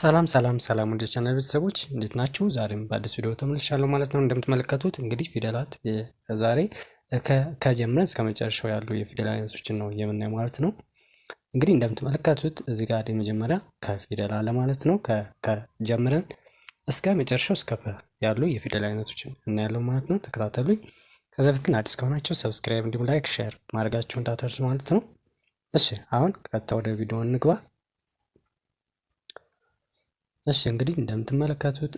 ሰላም ሰላም ሰላም ወደ ቻናል ቤተሰቦች እንዴት ናችሁ? ዛሬም በአዲስ ቪዲዮ ተመልሻለሁ ማለት ነው። እንደምትመለከቱት እንግዲህ ፊደላት ዛሬ ከጀምረን እስከ መጨረሻው ያሉ የፊደል አይነቶችን ነው የምናየው ማለት ነው። እንግዲህ እንደምትመለከቱት እዚህ ጋር የመጀመሪያ ከፊደል አለ ማለት ነው። ከጀምረን እስከ መጨረሻው እስከ ያሉ የፊደል አይነቶችን እናያለው ማለት ነው። ተከታተሉኝ። ከዚ በፊት ግን አዲስ ከሆናቸው ሰብስክራይብ እንዲሁም ላይክ፣ ሼር ማድረጋቸው እንዳትረሱ ማለት ነው። እሺ አሁን ቀጥታ ወደ ቪዲዮ እንግባ። እሺ እንግዲህ እንደምትመለከቱት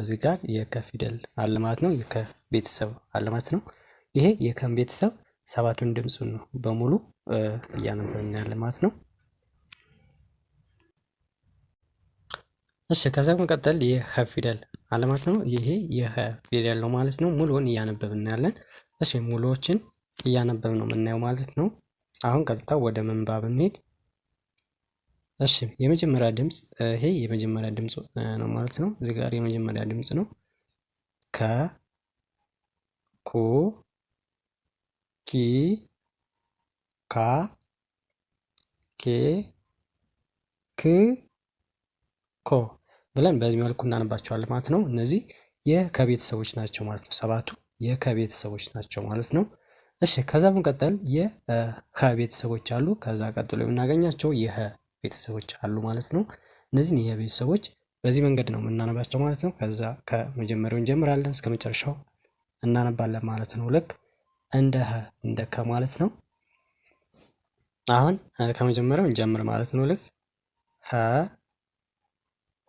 እዚህ ጋር የከ ፊደል ነው። የከ ቤተሰብ ነው። ይሄ የከም ቤተሰብ ሰባቱን ድምፁን ነው በሙሉ እያነበብን ያለ ማለት ነው። እሺ ከዛ መቀጠል የኸ ፊደል አለ ነው። ይሄ የኸ ፊደል ነው ማለት ነው። ሙሉውን እያነበብን ያለን። እሺ ሙሉዎችን እያነበብ ነው የምናየው ማለት ነው። አሁን ቀጥታ ወደ መንባብ እንሄድ። እሺ የመጀመሪያ ድምጽ ይሄ የመጀመሪያ ድምጽ ነው ማለት ነው። እዚህ ጋር የመጀመሪያ ድምጽ ነው። ከ ኩ ኪ ካ ኬ ክ ኮ ብለን በዚህ መልኩ እናነባቸዋለን ማለት ነው። እነዚህ የከቤተሰቦች ናቸው ማለት ነው። ሰባቱ የከቤተሰቦች ናቸው ማለት ነው። እሺ ከዛ በመቀጠል የከ ቤተሰቦች አሉ። ከዛ ቀጥሎ የምናገኛቸው የሀ ቤተሰቦች አሉ ማለት ነው። እነዚህን ይሄ ቤተሰቦች በዚህ መንገድ ነው የምናነባቸው ማለት ነው። ከዛ ከመጀመሪያው እንጀምራለን እስከ መጨረሻው እናነባለን ማለት ነው። ልክ እንደ ሀ እንደ ከ ማለት ነው። አሁን ከመጀመሪያው እንጀምር ማለት ነው። ልክ ሀ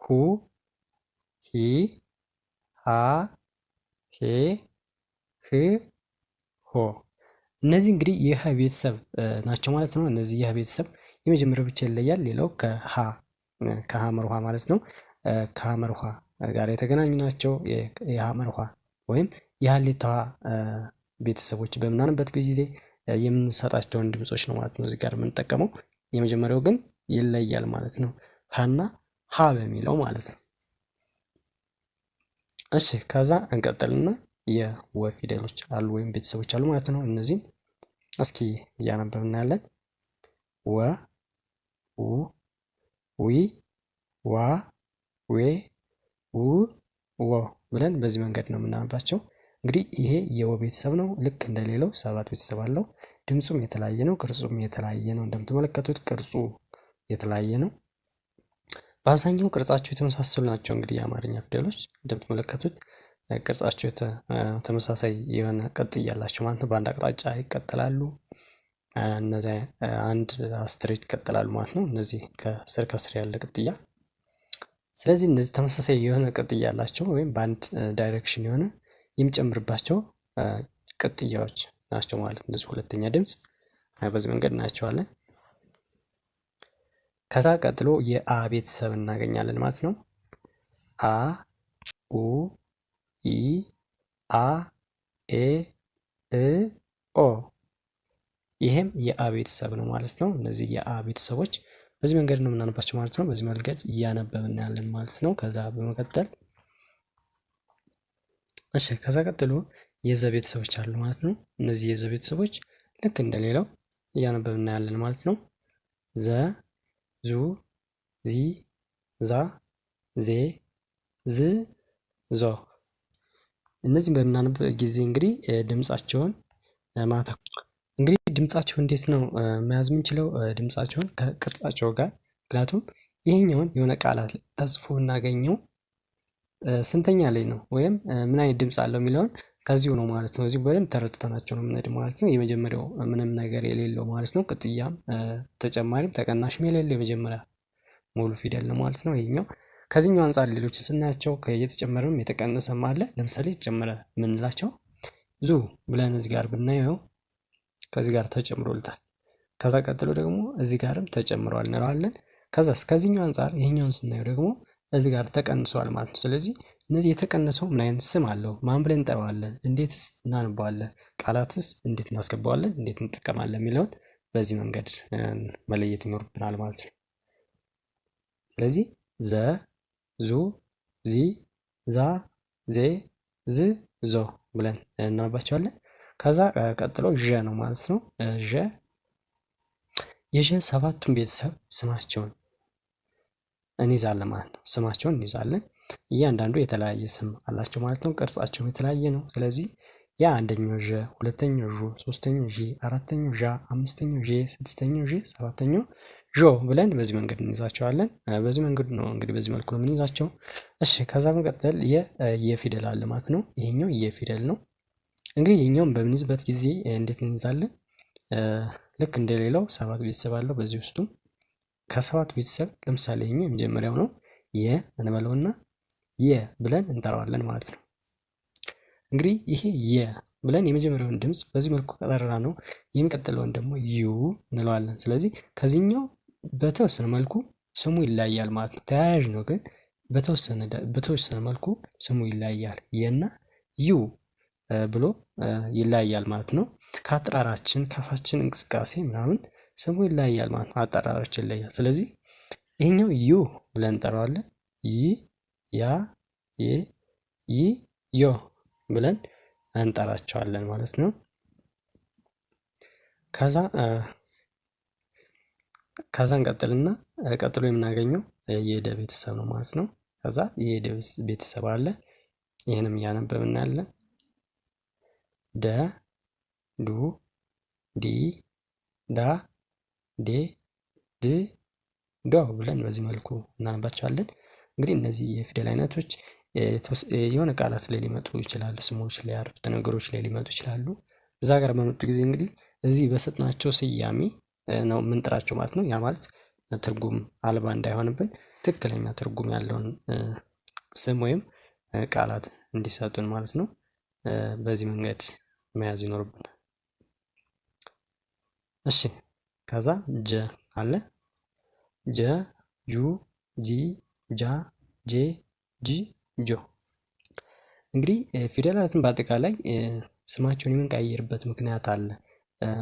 ሁ ሂ ሀ ሄ ህ ሆ እነዚህ እንግዲህ የሀ ቤተሰብ ናቸው ማለት ነው። እነዚህ የሀ ቤተሰብ የመጀመሪያው ብቻ ይለያል። ሌላው ከሀ ከሀ ውሃ ማለት ነው ከሀመር ውሃ ጋር የተገናኙ ናቸው። የሀመር ውሃ ወይም የሀሌታ ቤተሰቦች በምናንበት ጊዜ የምንሰጣቸውን ድምፆች ነው ማለት ነው እዚህ ጋር የምንጠቀመው። የመጀመሪያው ግን ይለያል ማለት ነው ሀና ሀ በሚለው ማለት ነው። እሺ ከዛ እንቀጥልና የወ ፊደሎች አሉ ወይም ቤተሰቦች አሉ ማለት ነው። እነዚህም እስኪ እያነበብ እናያለን። ወ ው ዊ ዋ ዌ ው ዎ ብለን በዚህ መንገድ ነው የምናነባቸው። እንግዲህ ይሄ የወ ቤተሰብ ነው። ልክ እንደሌለው ሰባት ቤተሰብ አለው። ድምፁም የተለያየ ነው። ቅርጹም የተለያየ ነው። እንደምትመለከቱት ቅርጹ የተለያየ ነው። በአብዛኛው ቅርጻቸው የተመሳሰሉ ናቸው። እንግዲህ የአማርኛ ፊደሎች እንደምትመለከቱት ቅርጻቸው ተመሳሳይ የሆነ ቅጥ እያላቸው ማለት ነው። በአንድ አቅጣጫ ይቀጥላሉ። እነዚ አንድ አስትሬት ይቀጥላል ማለት ነው። እነዚህ ከስር ከስር ያለ ቅጥያ ስለዚህ እነዚህ ተመሳሳይ የሆነ ቅጥያ ያላቸው ወይም በአንድ ዳይሬክሽን የሆነ የሚጨምርባቸው ቅጥያዎች ናቸው ማለት እነዚህ ሁለተኛ ድምፅ በዚህ መንገድ እናያቸዋለን። ከዛ ቀጥሎ የአ ቤተሰብ እናገኛለን ማለት ነው። አ ኡ ኢ አ ኤ እ ኦ ይሄም የአ ቤተሰብ ነው ማለት ነው። እነዚህ የአ ቤተሰቦች በዚህ መንገድ ነው የምናነባቸው ማለት ነው። በዚህ መንገድ እያነበብን ያለን ማለት ነው። ከዛ በመቀጠል እሺ፣ ከዛ ቀጥሎ የዘ ቤተሰቦች አሉ ማለት ነው። እነዚህ የዘ ቤተሰቦች ልክ እንደሌላው እያነበብን ያለን ማለት ነው። ዘ፣ ዙ፣ ዚ፣ ዛ፣ ዜ፣ ዝ፣ ዞ እነዚህም በምናነብ ጊዜ እንግዲህ ድምፃቸውን ማታ ድምፃቸው እንዴት ነው መያዝ የምንችለው? ድምፃቸውን ከቅርጻቸው ጋር ምክንያቱም ይህኛውን የሆነ ቃላት ተጽፎ እናገኘው ስንተኛ ላይ ነው ወይም ምን አይነት ድምፅ አለው የሚለውን ከዚሁ ነው ማለት ነው። እዚህ በደንብ ተረድተናቸው ነው የምንሄድ ማለት ነው። የመጀመሪያው ምንም ነገር የሌለው ማለት ነው። ቅጥያም ተጨማሪም ተቀናሽም የሌለው የመጀመሪያ ሙሉ ፊደል ነው ማለት ነው ይሄኛው። ከዚህኛው አንጻር ሌሎችን ስናያቸው እየተጨመረም የተቀነሰም አለ። ለምሳሌ የተጨመረ የምንላቸው ዙ ብለን እዚህ ጋር ብናየው ከዚህ ጋር ተጨምሮልታል። ከዛ ቀጥሎ ደግሞ እዚህ ጋርም ተጨምሯል እንለዋለን። ከዛ ከዚህኛው አንጻር ይህኛውን ስናየው ደግሞ እዚህ ጋር ተቀንሷል ማለት ነው። ስለዚህ እነዚህ የተቀነሰው ምን አይነት ስም አለው? ማን ብለን እንጠራዋለን? እንዴትስ እናንባዋለን? ቃላትስ እንዴት እናስገባዋለን? እንዴት እንጠቀማለን? የሚለውን በዚህ መንገድ መለየት ይኖርብናል ማለት ነው። ስለዚህ ዘ፣ ዙ፣ ዚ፣ ዛ፣ ዜ፣ ዝ፣ ዞ ብለን እናነባቸዋለን። ከዛ ቀጥሎ ዠ ነው ማለት ነው። ዠ የዠ ሰባቱን ቤተሰብ ስማቸውን እንይዛለን ማለት ነው። ስማቸውን እንይዛለን። እያንዳንዱ የተለያየ ስም አላቸው ማለት ነው። ቅርጻቸውም የተለያየ ነው። ስለዚህ ያ አንደኛው ዠ፣ ሁለተኛው ዡ፣ ሶስተኛው ዢ፣ አራተኛው ዣ፣ አምስተኛው ዤ፣ ስድስተኛው ዢ፣ ሰባተኛው ዦ ብለን በዚህ መንገድ እንይዛቸዋለን። በዚህ መንገድ ነው እንግዲህ በዚህ መልኩ ነው የምንይዛቸው። እሺ ከዛ መቀጠል የየፊደል አለ ማለት ነው። ይሄኛው የፊደል ነው። እንግዲህ ይሄኛውን በምንይዝበት ጊዜ እንዴት እንይዛለን? ልክ እንደሌላው ሰባት ቤተሰብ አለው በዚህ ውስጡ ከሰባት ቤተሰብ ለምሳሌ ይሄኛው የመጀመሪያው ነው የ እንበለውና የ ብለን እንጠራዋለን ማለት ነው። እንግዲህ ይሄ የ ብለን የመጀመሪያውን ድምፅ በዚህ መልኩ ከጠራ ነው የሚቀጥለውን ደግሞ ዩ እንለዋለን። ስለዚህ ከዚህኛው በተወሰነ መልኩ ስሙ ይለያያል ማለት ነው። ተያያዥ ነው ግን በተወሰነ መልኩ ስሙ ይለያያል የና ዩ ብሎ ይለያያል ማለት ነው። ከአጠራራችን ከአፋችን እንቅስቃሴ ምናምን ስሙ ይለያያል ማለት ነው። አጠራራችን ይለያል። ስለዚህ ይሄኛው ዩ ብለን እንጠራዋለን። ይ ያ ይ ይ ዮ ብለን እንጠራቸዋለን ማለት ነው። ከዛ ከዛ እንቀጥልና ቀጥሎ የምናገኘው የደ ቤተሰብ ነው ማለት ነው። ከዛ የደ ቤተሰብ አለ። ይህንም እያነበብን እናያለን። ደ ዱ ዲ ዳ ዴ ድ ዶ ብለን በዚህ መልኩ እናነባቸዋለን። እንግዲህ እነዚህ የፊደል አይነቶች የሆነ ቃላት ላይ ሊመጡ ይችላል። ስሞች ላይ፣ አረፍተ ነገሮች ላይ ሊመጡ ይችላሉ። እዛ ጋር በመጡ ጊዜ እንግዲህ እዚህ በሰጥናቸው ስያሜ ነው የምንጥራቸው ማለት ነው። ያ ማለት ትርጉም አልባ እንዳይሆንብን ትክክለኛ ትርጉም ያለውን ስም ወይም ቃላት እንዲሰጡን ማለት ነው። በዚህ መንገድ መያዝ ይኖርብን። እሺ ከዛ ጀ አለ ጀ ጁ ጂ ጃ ጄ ጂ ጆ። እንግዲህ ፊደላትን በአጠቃላይ ስማቸውን የምንቀያየርበት ምክንያት አለ።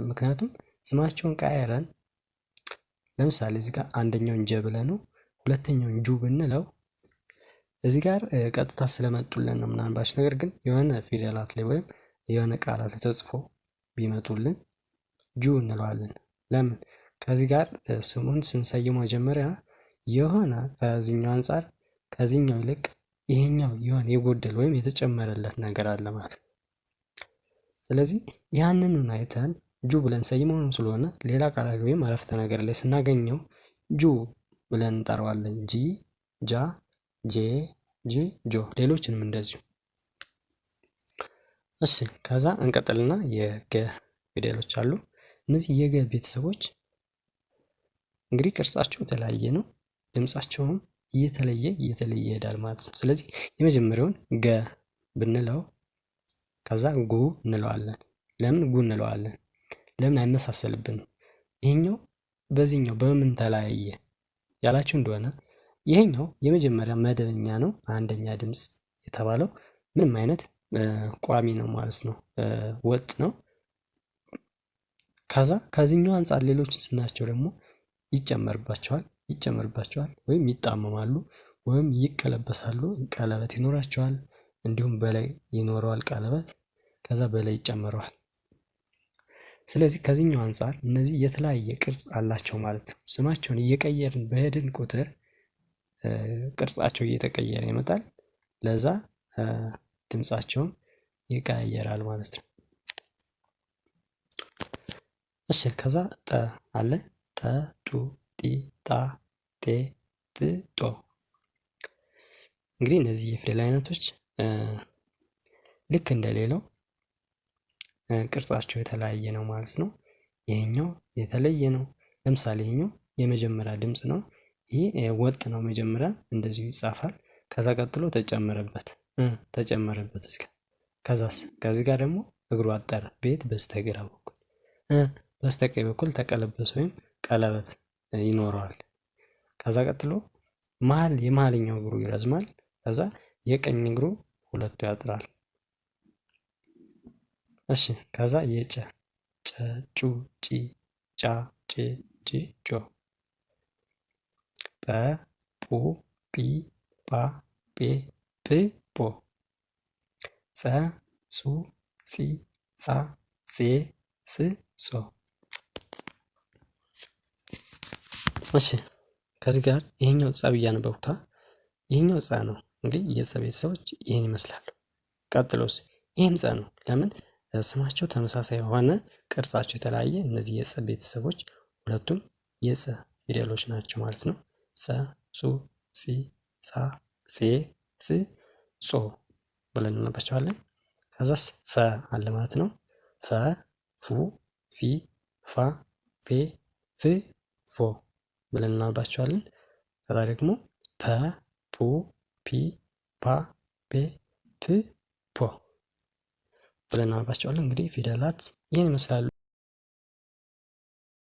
ምክንያቱም ስማቸውን ቀያየረን ለምሳሌ እዚህ ጋር አንደኛውን ጀ ብለ ነው ሁለተኛውን ጁ ብንለው እዚህ ጋር ቀጥታ ስለመጡልን ነው ምናልባች ነገር ግን የሆነ ፊደላት ላይ ወይም የሆነ ቃላት ተጽፎ ቢመጡልን ጁ እንለዋለን። ለምን ከዚህ ጋር ስሙን ስንሰይሞ መጀመሪያ የሆነ ከዚኛው አንጻር ከዚህኛው ይልቅ ይሄኛው የሆነ የጎደል ወይም የተጨመረለት ነገር አለ ማለት ነው። ስለዚህ ያንኑን አይተን ጁ ብለን ሰይመውም ስለሆነ ሌላ ቃላት ወይም አረፍተ ነገር ላይ ስናገኘው ጁ ብለን እንጠራዋለን። ጂ፣ ጃ፣ ጄ፣ ጂ፣ ጆ ሌሎችንም እንደዚሁ እሺ ከዛ እንቀጥልና የገ ፊደሎች አሉ። እነዚህ የገ ቤተሰቦች እንግዲህ ቅርጻቸው የተለያየ ነው። ድምጻቸውም እየተለየ እየተለየ ይሄዳል ማለት ነው። ስለዚህ የመጀመሪያውን ገ ብንለው ከዛ ጉ እንለዋለን። ለምን ጉ እንለዋለን? ለምን አይመሳሰልብንም? ይሄኛው በዚህኛው በምን ተለያየ ያላችሁ እንደሆነ ይሄኛው የመጀመሪያ መደበኛ ነው፣ አንደኛ ድምፅ የተባለው ምንም አይነት ቋሚ ነው ማለት ነው፣ ወጥ ነው። ከዛ ከዚህኛው አንጻር ሌሎችን ስናቸው ደግሞ ይጨመርባቸዋል ይጨመርባቸዋል ወይም ይጣመማሉ ወይም ይቀለበሳሉ። ቀለበት ይኖራቸዋል፣ እንዲሁም በላይ ይኖረዋል ቀለበት ከዛ በላይ ይጨመረዋል። ስለዚህ ከዚህኛው አንጻር እነዚህ የተለያየ ቅርጽ አላቸው ማለት ነው። ስማቸውን እየቀየርን በሄድን ቁጥር ቅርጻቸው እየተቀየረ ይመጣል። ለዛ ድምፃቸውን ይቀያየራል ማለት ነው። እሺ ከዛ ጠ አለ ጠ ጡ ጢ ጣ ጤ ጥ ጦ እንግዲህ እነዚህ የፊደል አይነቶች ልክ እንደሌለው ቅርጻቸው የተለያየ ነው ማለት ነው። ይሄኛው የተለየ ነው። ለምሳሌ ይሄኛው የመጀመሪያ ድምፅ ነው። ይህ ወጥ ነው። መጀመሪያ እንደዚሁ ይጻፋል። ከዛ ቀጥሎ ተጨመረበት። ተጨመረበት እስከ ከዛስ ከዚህ ጋር ደግሞ እግሩ አጠረ ቤት በስተግራ በኩል በስተቀኝ በኩል ተቀለበስ ወይም ቀለበት ይኖረዋል። ከዛ ቀጥሎ መሀል የመሀልኛው እግሩ ይረዝማል። ከዛ የቀኝ እግሩ ሁለቱ ያጥራል። እሺ ከዛ የጨ ጨ ጩ ጪ ጫ ጬ ጪ ጮ በ ፑ ጲ ጳ ጴ ፕ ቦ ፀ ሱ ጺ ጻ ጼ ስ ሶ። እሺ ከዚህ ጋር ይሄኛው ጸ ብዬ አነበብኩታ። ይሄኛው ጸ ነው እንግዲህ የጸ ቤተሰቦች ይህን ይመስላሉ። ቀጥሎስ ይህም ጸ ነው። ለምን ስማቸው ተመሳሳይ የሆነ ቅርጻቸው የተለያየ እነዚህ የጸ ቤተሰቦች ሁለቱም የጸ ፊደሎች ናቸው ማለት ነው። ጸ ሱ ጺ ጻ ጼ ስ ጾ ብለን እናባቸዋለን። ከዛስ ፈ አለ ማለት ነው። ፈ ፉ ፊ ፋ ፌ ፍ ፎ ብለን እናነባቸዋለን። ከዛ ደግሞ ፐ ፑ ፒ ፓ ፔ ፕ ፖ ብለን እናነባቸዋለን። እንግዲህ ፊደላት ይህን ይመስላሉ።